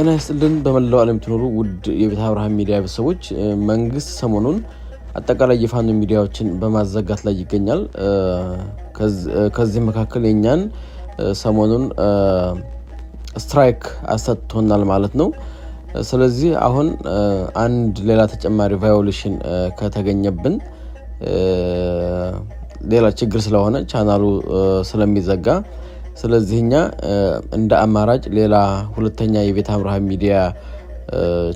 ጤና ይስጥልን በመላው ዓለም የምትኖሩ ውድ የቤተ አብርሃም ሚዲያ ቤተሰቦች፣ መንግስት ሰሞኑን አጠቃላይ የፋኖ ሚዲያዎችን በማዘጋት ላይ ይገኛል። ከዚህ መካከል የኛን ሰሞኑን ስትራይክ አሰጥቶናል ማለት ነው። ስለዚህ አሁን አንድ ሌላ ተጨማሪ ቫዮሌሽን ከተገኘብን ሌላ ችግር ስለሆነ ቻናሉ ስለሚዘጋ ስለዚህ እኛ እንደ አማራጭ ሌላ ሁለተኛ የቤት አምርሃ ሚዲያ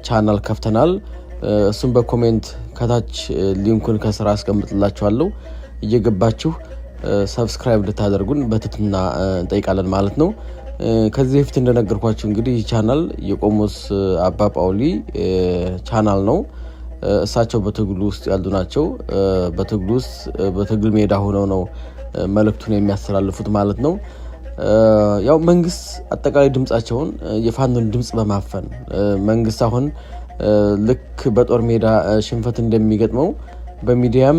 ቻናል ከፍተናል። እሱም በኮሜንት ከታች ሊንኩን ከስራ አስቀምጥላችኋለሁ እየገባችሁ ሰብስክራይብ ልታደርጉን በትትና እንጠይቃለን ማለት ነው። ከዚህ በፊት እንደነገርኳቸው እንግዲህ ይህ ቻናል የቆሞስ አባ ጳውሊ ቻናል ነው። እሳቸው በትግሉ ውስጥ ያሉ ናቸው። በትግሉ ውስጥ በትግል ሜዳ ሆነው ነው መልእክቱን የሚያስተላልፉት ማለት ነው። ያው መንግስት አጠቃላይ ድምፃቸውን የፋኖን ድምፅ በማፈን መንግስት አሁን ልክ በጦር ሜዳ ሽንፈት እንደሚገጥመው በሚዲያም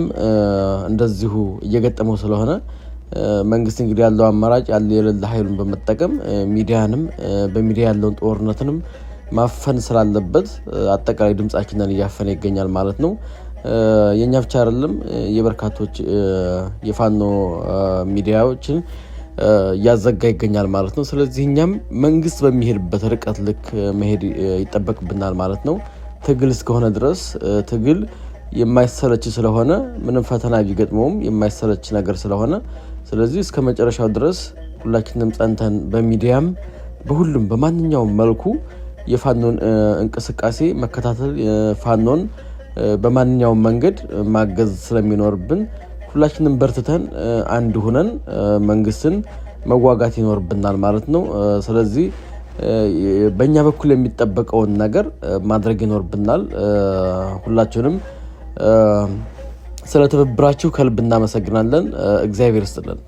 እንደዚሁ እየገጠመው ስለሆነ መንግስት እንግዲህ ያለው አማራጭ ያለ የሌለ ሀይሉን በመጠቀም ሚዲያንም በሚዲያ ያለውን ጦርነትንም ማፈን ስላለበት አጠቃላይ ድምፃችንን እያፈነ ይገኛል ማለት ነው። የእኛ ብቻ አይደለም፣ የበርካቶች የፋኖ ሚዲያዎችን እያዘጋ ይገኛል ማለት ነው። ስለዚህ እኛም መንግስት በሚሄድበት ርቀት ልክ መሄድ ይጠበቅብናል ማለት ነው። ትግል እስከሆነ ድረስ ትግል የማይሰለች ስለሆነ ምንም ፈተና ቢገጥመውም የማይሰለች ነገር ስለሆነ ስለዚህ እስከ መጨረሻው ድረስ ሁላችንም ጸንተን በሚዲያም በሁሉም በማንኛውም መልኩ የፋኖን እንቅስቃሴ መከታተል ፋኖን በማንኛውም መንገድ ማገዝ ስለሚኖርብን ሁላችንም በርትተን አንድ ሁነን መንግስትን መዋጋት ይኖርብናል ማለት ነው። ስለዚህ በእኛ በኩል የሚጠበቀውን ነገር ማድረግ ይኖርብናል። ሁላችንም ስለ ትብብራችሁ ከልብ እናመሰግናለን። እግዚአብሔር ይስጥልን።